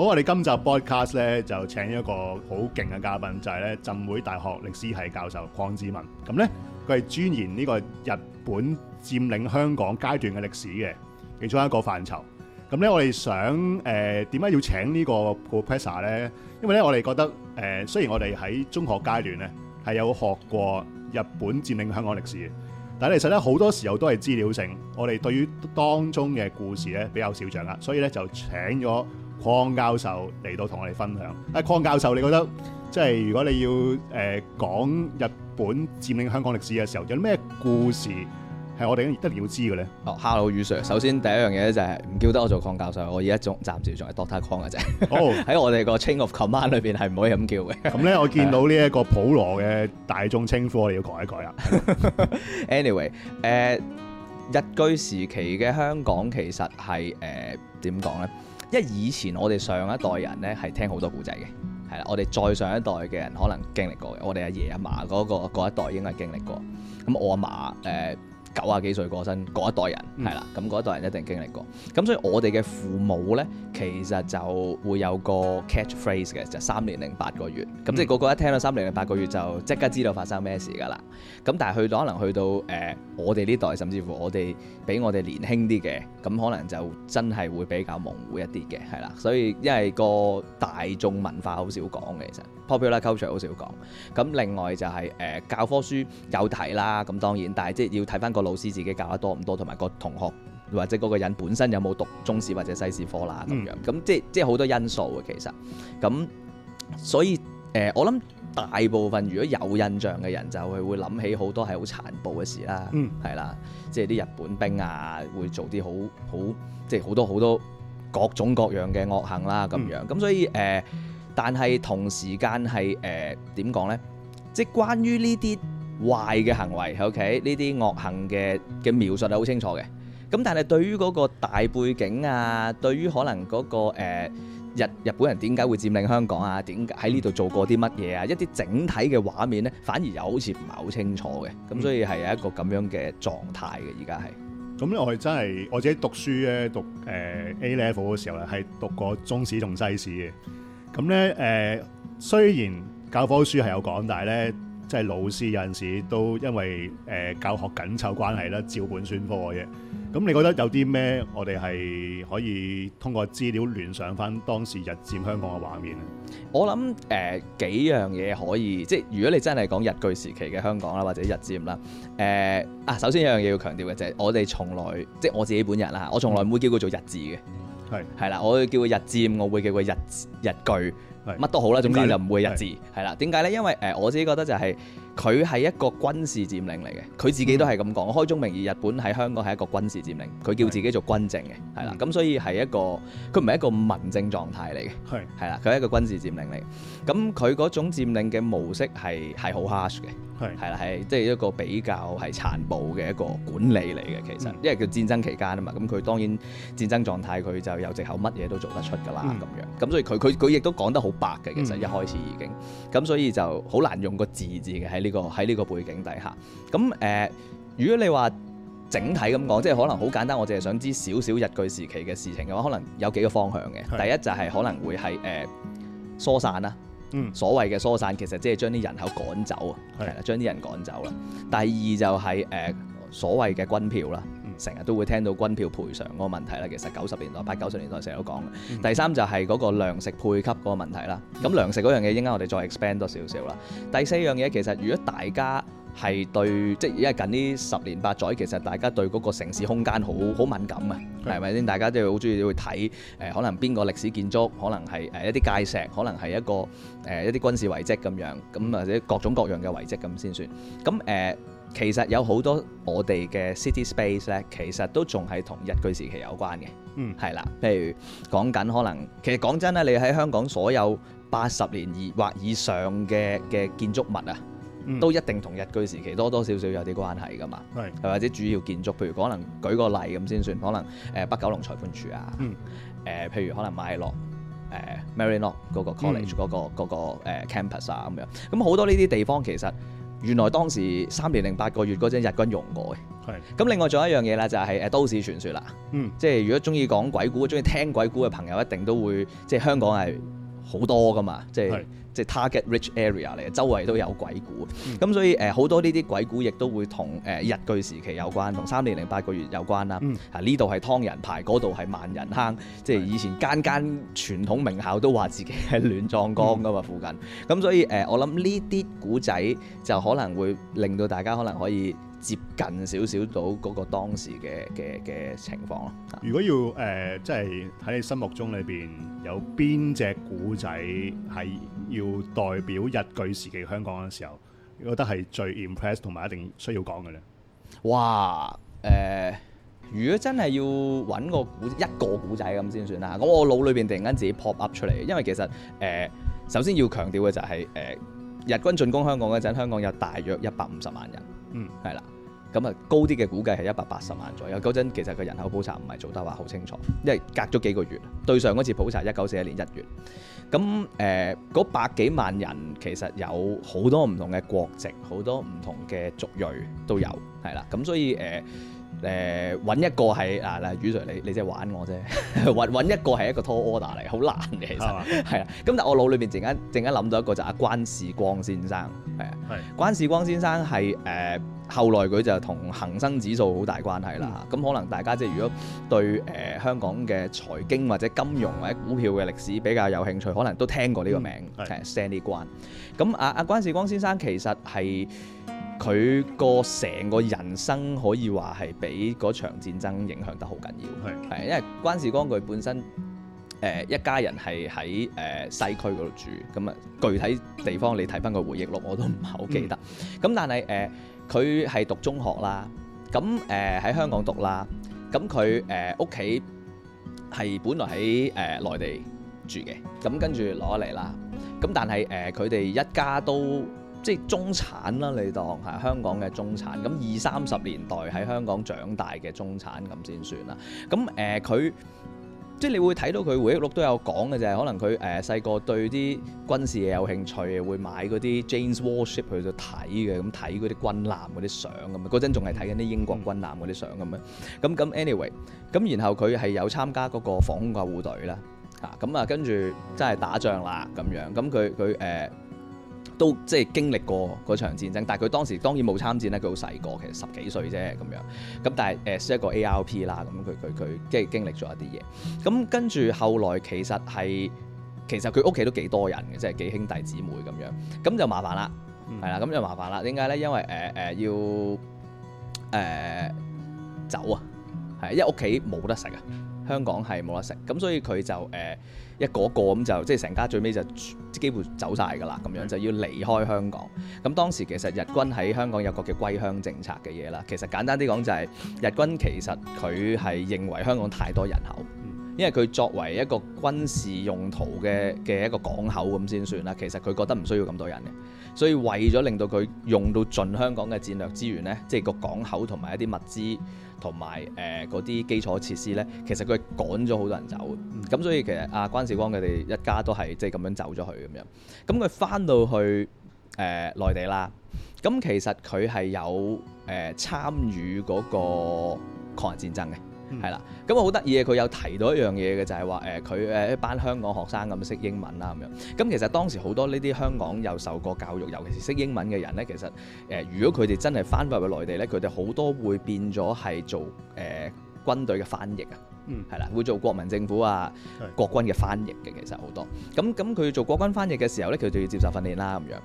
好，我哋今集 podcast 咧就請一個好勁嘅嘉賓，就係、是、咧浸會大學歷史系教授鄺智文。咁咧佢係專研呢個日本佔領香港階段嘅歷史嘅其中一個範疇。咁咧我哋想誒，點、呃、解要請個呢個 professor 咧？因為咧我哋覺得誒、呃，雖然我哋喺中學階段咧係有學過日本佔領香港歷史，但係其實咧好多時候都係資料性，我哋對於當中嘅故事咧比較少掌握，所以咧就請咗。鄺教授嚟到同我哋分享，阿、呃、鄺教授你覺得，即係如果你要誒講、呃、日本佔領香港歷史嘅時候，有咩故事係我哋得了知嘅咧？哦 hello，余 sir，首先第一樣嘢就係唔叫得我做鄺教授，我暫而家仲暫時仲係 Doctor 鄺嘅啫。哦，喺我哋個 chain of Command 裏邊係唔可以咁叫嘅。咁咧、哦，嗯、我見到呢一個普羅嘅大眾稱呼，我哋要改一改啊。 anyway，誒、呃，日據時期嘅香港其實係誒點講咧？呃因為以前我哋上一代人咧係聽好多古仔嘅，係啦，我哋再上一代嘅人可能經歷過嘅，我哋阿爺阿嫲嗰個嗰一代應該經歷過，咁我阿嫲誒。呃九啊幾歲過身，一代人係啦，咁、嗯、一代人一定經歷過，咁所以我哋嘅父母呢，其實就會有個 catchphrase 嘅，就三年零八個月，咁即係個個一聽到三年零八個月就即刻知道發生咩事噶啦，咁但係去到可能去到誒、呃、我哋呢代，甚至乎我哋比我哋年輕啲嘅，咁可能就真係會比較模糊一啲嘅，係啦，所以因為個大眾文化好少講嘅，其實 popular culture 好少講。咁另外就係、是、誒、呃、教科書有睇啦，咁當然，但係即係要睇翻個。老師自己教得多唔多，同埋個同學或者嗰個人本身有冇讀中史或者西史科啦，咁樣咁、嗯、即係即係好多因素嘅其實，咁所以誒、呃，我諗大部分如果有印象嘅人，就係會諗起好多係好殘暴嘅事啦，係、嗯、啦，即係啲日本兵啊，會做啲好好即係好多好多各種各樣嘅惡行啦，咁樣咁、嗯、所以誒、呃，但係同時間係誒點講咧，即係關於呢啲。壞嘅行為，OK？呢啲惡行嘅嘅描述係好清楚嘅。咁但係對於嗰個大背景啊，對於可能嗰個誒日日本人點解會佔領香港啊，點喺呢度做過啲乜嘢啊？一啲整體嘅畫面咧，反而又好似唔係好清楚嘅。咁所以係有一個咁樣嘅狀態嘅，而家係。咁咧，我係真係我自己讀書咧，讀誒 A level 嘅時候咧，係讀過中史同西史嘅。咁咧誒，雖然教科書係有講，但係咧。即係老師有陣時都因為誒、呃、教學緊湊關係咧，照本宣科嘅啫。咁你覺得有啲咩我哋係可以通過資料聯想翻當時日佔香港嘅畫面咧？我諗誒、呃、幾樣嘢可以，即係如果你真係講日據時期嘅香港啦，或者日佔啦，誒、呃、啊，首先有樣嘢要強調嘅就係、是、我哋從來即係我自己本人啦，我從來唔會叫佢做日治嘅，係係啦，我會叫佢日佔，我會叫佢日日據。乜都好啦，總之就唔會日治。係啦的。點解咧？因為誒，我自己覺得就係、係。佢係一個軍事佔領嚟嘅，佢自己都係咁講，嗯、開宗明義，日本喺香港係一個軍事佔領，佢叫自己做軍政嘅，係啦、嗯，咁所以係一個佢唔係一個民政狀態嚟嘅，係係啦，佢係一個軍事佔領嚟，咁佢嗰種佔領嘅模式係係好 harsh 嘅、嗯，係係啦係，即係一個比較係殘暴嘅一個管理嚟嘅，其實，因為叫戰爭期間啊嘛，咁佢當然戰爭狀態，佢就有藉口乜嘢都做得出㗎啦，咁、嗯、樣，咁所以佢佢佢亦都講得好白嘅，其實一開始已經，咁、嗯、所以就好難用個字字嘅喺呢。呢、這個喺呢個背景底下，咁誒、呃，如果你話整體咁講，即係可能好簡單，我淨係想知少少日據時期嘅事情嘅話，可能有幾個方向嘅。是第一就係可能會係誒、呃、疏散啦，所謂嘅疏散其實即係將啲人口趕走啊，係啦是，將啲人趕走啦。第二就係、是、誒、呃、所謂嘅軍票啦。成日都會聽到軍票賠償嗰個問題啦，其實九十年代、八九十年代成日都講。第三就係嗰個糧食配給嗰個問題啦。咁糧食嗰樣嘢，應該我哋再 expand 多少少啦。第四樣嘢，其實如果大家係對，即係近呢十年八載，其實大家對嗰個城市空間好好敏感啊，係咪先？大家即係好中意會睇誒，可能邊個歷史建築，可能係誒一啲界石，可能係一個誒一啲軍事遺跡咁樣，咁或者各種各樣嘅遺跡咁先算。咁誒。其實有好多我哋嘅 city space 咧，其實都仲係同日據時期有關嘅。嗯，係啦，譬如講緊可能，其實講真咧，你喺香港所有八十年以或以上嘅嘅建築物啊，嗯、都一定同日據時期多多少少有啲關係噶嘛。係，是 或者主要建築，譬如可能舉個例咁先算，可能誒北九龍裁判處啊，誒譬、嗯呃、如可能麥樂誒 Maryknoll 嗰個 college 嗰、那個嗰 campus 啊咁樣，咁好、嗯、多呢啲地方其實。原來當時三年零八個月嗰陣日軍用過嘅。係咁，另外仲有一樣嘢啦，就係誒都市傳說啦，嗯，即係如果鍾意講鬼故、鍾意聽鬼故嘅朋友，一定都會即係香港係。好多噶嘛，即係即係 target rich area 嚟，周圍都有鬼故，咁、嗯、所以誒好、呃、多呢啲鬼故亦都會同誒、呃、日據時期有關，同三年零八個月有關啦。嗯、啊呢度係湯人牌，嗰度係萬人坑，嗯、即係以前間間傳統名校都話自己係亂葬崗噶嘛附近，咁、嗯、所以誒、呃、我諗呢啲古仔就可能會令到大家可能可以。接近少少到嗰個當時嘅嘅嘅情況咯。如果要誒，即係喺你心目中裏邊有邊隻古仔係要代表日據時期香港嘅時候，覺得係最 impress 同埋一定需要講嘅咧？哇！誒、呃，如果真係要揾個古一個古仔咁先算啦。咁我腦裏邊突然間自己 pop up 出嚟，因為其實誒、呃，首先要強調嘅就係、是、誒、呃，日軍進攻香港嗰陣，香港有大約一百五十萬人。嗯，係啦，咁啊高啲嘅估計係一百八十萬左右。嗰陣其實個人口普查唔係做得話好清楚，因為隔咗幾個月，對上嗰次普查一九四一年一月，咁誒、呃、百幾萬人其實有好多唔同嘅國籍，好多唔同嘅族裔都有，係啦，咁所以誒。呃誒揾一個係嗱嗱，余 Sir 你你即係玩我啫，揾 net 揾 chae ho 4000 一個係一個拖 order 嚟，好難嘅其實係啊。咁但我腦裏邊陣間陣間諗到一個就阿關士光先生係啊。是的 關士光先生係誒、呃、後來佢就同恒生指數好大關係啦。咁的、嗯、可能大家即係如果對誒香港嘅財經或者金融或者股票嘅歷史比較有興趣，可能都聽過呢個名誒 send 啲關。咁阿阿關士光先生其實係。佢個成個人生可以話係俾嗰場戰爭影響得好緊要，係的因為關氏光佢本身誒、呃、一家人係喺誒西區嗰度住，咁、嗯、啊具體地方你睇返個回憶錄我都唔係好記得，咁、嗯嗯、但係誒佢係讀中學啦，咁誒喺香港讀啦，咁佢誒屋企係本來喺誒內地住嘅，咁、嗯、跟住攞嚟啦，咁、嗯、但係誒佢哋一家都。即係中產啦，你當係香港嘅中產。咁二三十年代喺香港長大嘅中產咁先算啦。咁誒佢即係你會睇到佢回憶錄都有講嘅就係可能佢誒細個對啲軍事嘢有興趣，會買嗰啲 Jane’s Warship 去度睇嘅，咁睇嗰啲軍艦嗰啲相咁。嗰陣仲係睇緊啲英國軍艦嗰啲相咁樣。咁咁 anyway，咁然後佢係有參加嗰個防空救護隊啦。嚇、啊、咁啊，啊，跟住真係打仗啦咁樣。咁佢佢誒。都即係經歷過嗰場戰爭，但係佢當時當然冇參戰咧，佢好細個，其實十幾歲啫咁樣。咁但係誒，呃、一個 A.R.P. 啦，咁佢佢佢即係經歷咗一啲嘢。咁跟住後來其實係其實佢屋企都幾多人嘅，即係幾兄弟姊妹咁樣。咁就麻煩啦，係啦、嗯，咁就麻煩啦。點解咧？因為誒誒、呃呃、要誒、呃、走啊，係啊，因為屋企冇得食啊，香港係冇得食，咁所以佢就誒。呃一個一個咁就即係成家最尾就即幾乎走晒㗎啦，咁樣就要離開香港。咁當時其實日軍喺香港有個叫歸鄉政策嘅嘢啦。其實簡單啲講就係日軍其實佢係認為香港太多人口。因為佢作為一個軍事用途嘅嘅一個港口咁先算啦，其實佢覺得唔需要咁多人嘅，所以為咗令到佢用到盡香港嘅戰略資源呢，即係個港口同埋一啲物資同埋誒嗰啲基礎設施呢，其實佢趕咗好多人走，咁所以其實阿、啊、關兆光佢哋一家都係即係咁樣走咗去咁樣，咁佢翻到去誒、呃、內地啦，咁其實佢係有誒、呃、參與嗰個抗日戰爭嘅。係啦，咁啊好得意嘅，佢 有，有提到一樣嘢嘅，就係話誒，佢誒一班香港學生咁、嗯、識英文啦咁樣。咁、嗯、其實當時好多呢啲香港又受過教育，尤其是識英文嘅人呢。其實誒、呃，如果佢哋真係翻翻去內地呢，佢哋好多會變咗係做誒、呃、軍隊嘅翻譯啊。嗯，係啦，會做國民政府啊、國軍嘅翻譯嘅，其實好多。咁咁佢做國軍翻譯嘅時候咧，佢就要接受訓練啦咁樣。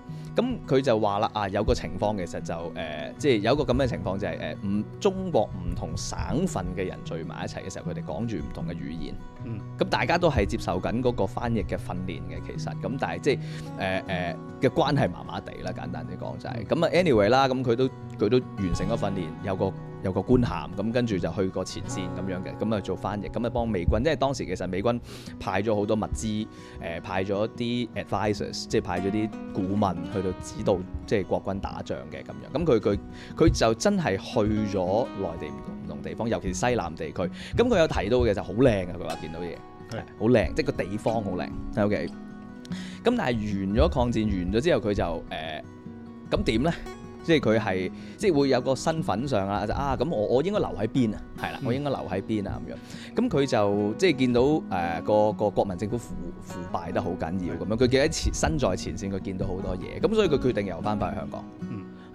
咁佢就話啦啊，有個情況其實就誒、呃，即係有一個咁嘅情況就係、是、誒，唔、呃、中國唔同省份嘅人聚埋一齊嘅時候，佢哋講住唔同嘅語言。嗯。咁大家都係接受緊嗰個翻譯嘅訓練嘅，其實。咁但係即係誒誒嘅關係麻麻地啦，簡單啲講就係、是。咁啊，anyway 啦，咁佢都佢都完成咗訓練，有個。有個官銜咁，跟住就去過前線咁樣嘅，咁啊做翻譯，咁啊幫美軍，因為當時其實美軍派咗好多物資，誒、呃、派咗啲 advisers，即係派咗啲顧問去到指導，即係國軍打仗嘅咁樣。咁佢佢佢就真係去咗內地唔同唔同地方，尤其是西南地區。咁、嗯、佢有提到嘅就好靚啊，佢話見到嘢好靚，即係個地方好靚。嗯、OK。咁、嗯、但係完咗抗戰完咗之後，佢就誒咁點咧？嗯即係佢係即係會有個身份上啊，就啊咁我我應該留喺邊啊，係啦，我應該留喺邊啊咁樣。咁佢就即係見到誒、呃、個個國民政府腐腐敗得好緊要咁樣。佢記得身在前線，佢見到好多嘢，咁所以佢決定又翻返去香港。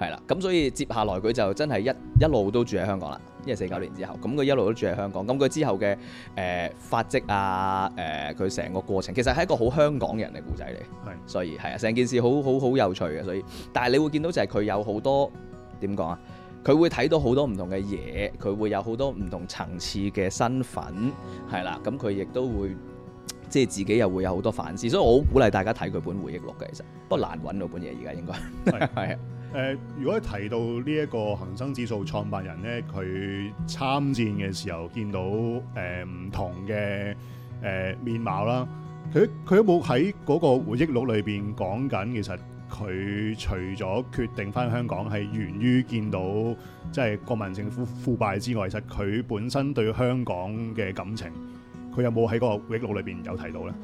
係啦，咁所以接下來佢就真係一一路都住喺香港啦，因為四九年之後，咁佢一路都住喺香港。咁佢之後嘅誒發跡啊，誒佢成個過程其實係一個好香港人嘅故仔嚟，的所以係啊，成件事好好好有趣嘅。所以，但係你會見到就係佢有好多點講啊，佢會睇到好多唔同嘅嘢，佢會有好多唔同層次嘅身份，係啦，咁佢亦都會即係自己又會有好多反思。所以我好鼓勵大家睇佢本回憶錄嘅，其實，不過難揾到本嘢而家應該係啊。的誒、呃，如果提到呢一個恒生指數創辦人咧，佢參戰嘅時候見到誒唔同嘅、呃、誒、呃、面貌啦，佢佢有冇喺嗰個回憶錄裏邊講緊？其實佢除咗決定翻香港係源於見到即係國民政府腐敗之外，其實佢本身對香港嘅感情，佢有冇喺嗰個回憶錄裏邊有提到咧？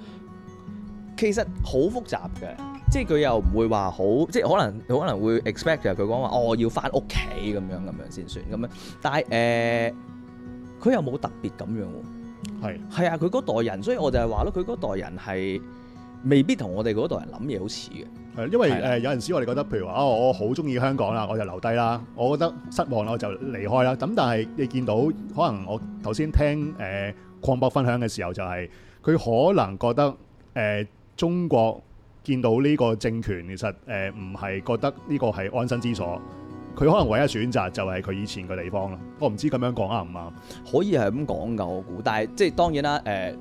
其實好複雜嘅。即係佢又唔會話好，即係可能佢可能會 expect 佢講話，我要翻屋企咁樣咁樣先算咁、呃、樣。但係誒，佢又冇特別咁樣喎。係係啊，佢嗰代人，所以我就係話咯，佢嗰代人係未必同我哋嗰代人諗嘢好似嘅。因為誒有陣時我哋覺得，譬如話啊，我好中意香港啦，我就留低啦。我覺得失望啦，我就離開啦。咁但係你見到可能我頭先聽誒鄺、呃、博分享嘅時候、就係，就係佢可能覺得誒、呃、中國。見到呢個政權，其實誒唔係覺得呢個係安身之所，佢可能唯一選擇就係佢以前嘅地方咯。我唔知咁樣講啱唔啱，可以係咁講㗎，我估。但係即係當然啦，誒、呃，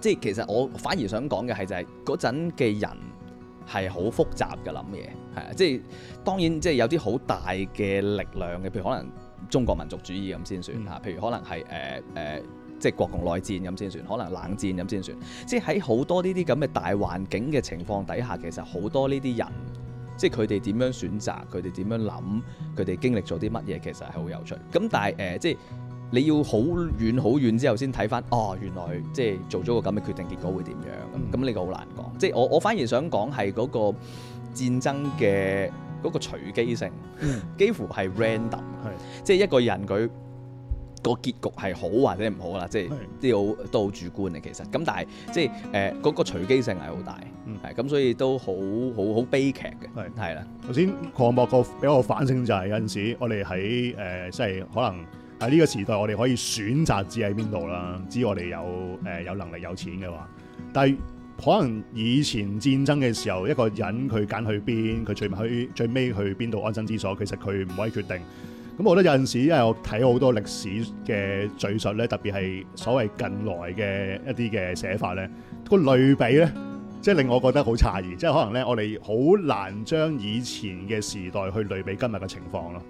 即係其實我反而想講嘅係就係嗰陣嘅人係好複雜嘅諗嘢，係啊，即係當然即係有啲好大嘅力量嘅，譬如可能中國民族主義咁先算吓，嗯、譬如可能係誒誒。呃呃即係國共內戰咁先算，可能冷戰咁先算。即係喺好多呢啲咁嘅大環境嘅情況底下，其實好多呢啲人，即係佢哋點樣選擇，佢哋點樣諗，佢哋經歷咗啲乜嘢，其實係好有趣。咁但係誒、呃，即係你要好遠好遠之後先睇翻，哦，原來即係做咗個咁嘅決定，結果會點樣？咁、嗯、呢個好難講。即係我我反而想講係嗰個戰爭嘅嗰個隨機性，嗯、幾乎係 random、嗯。係，即係一個人佢。個結局係好或者唔好啦，即係都好都好主觀嘅其實，咁但係即係誒嗰個隨機性係好大，係咁、嗯、所以都好好好悲劇嘅，係啦是。頭先的鄺博個畀我反省就我，就係有陣時我哋喺誒即係可能喺呢個時代我哋可以選擇知喺邊度啦，知我哋有誒、呃、有能力有錢嘅話，但係可能以前戰爭嘅時候，一個人佢揀去邊，佢最去最尾去邊度安身之所，其實佢唔可以決定。咁、嗯、我覺得有陣時，因為我睇好多歷史嘅敍述咧，特別係所謂近來嘅一啲嘅寫法咧，個類比咧，即、就、係、是、令我覺得好詫異，即、就、係、是、可能咧，我哋好難將以前嘅時代去類比今日嘅情況咯。誒、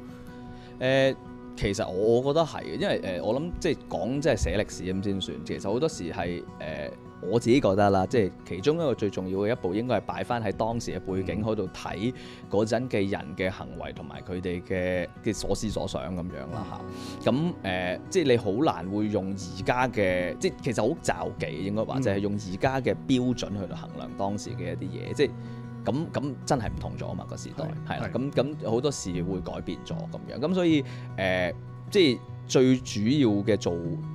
呃，其實我覺得係，因為誒、呃，我諗即係講即係寫歷史咁先算，其實好多時係誒。呃.我自己覺得啦，即係其中一個最重要嘅一步，應該係擺翻喺當時嘅背景嗰度，睇嗰陣嘅人嘅行為同埋佢哋嘅嘅所思所想咁樣啦，吓，咁誒，即係你好難會用而家嘅，即係其實好就忌應該話，就係用而家嘅標準去度衡量當時嘅一啲嘢，嗯、即係咁咁真係唔同咗啊嘛個時代，係啦，咁咁好多事會改變咗咁樣，咁所以誒、呃，即係。最主要嘅做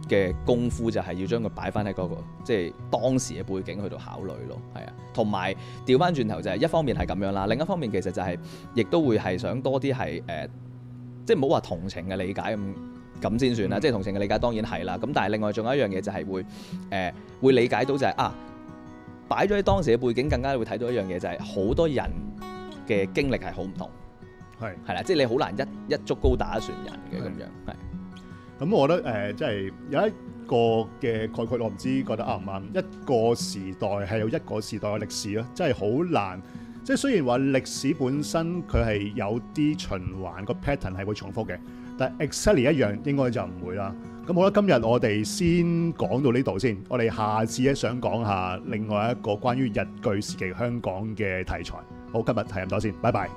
嘅功夫就係要將佢擺翻喺嗰個即係、就是、當時嘅背景去度考慮咯，係啊，同埋調翻轉頭就係、是、一方面係咁樣啦，另一方面其實就係、是、亦都會係想多啲係誒，即係唔好話同情嘅理解咁咁先算啦，即係同情嘅理解當然係啦，咁但係另外仲有一樣嘢就係會誒、呃、會理解到就係、是、啊，擺咗喺當時嘅背景更加會睇到一樣嘢就係、是、好多人嘅經歷係好唔同，係係啦，即係、就是、你好難一一竹篙打一船人嘅咁樣，係的。咁、嗯、我覺得誒，即係有一個嘅概括，我唔知覺得啱唔啱。一個時代係有一個時代嘅歷史咯，真係好難。即係雖然話歷史本身佢係有啲循環、個 pattern 係會重複嘅，但係 exactly 一樣應該就唔會啦。咁好啦，今日我哋先講到呢度先。我哋下次咧想講下另外一個關於日據時期香港嘅題材。好，今日係咁多先，拜拜。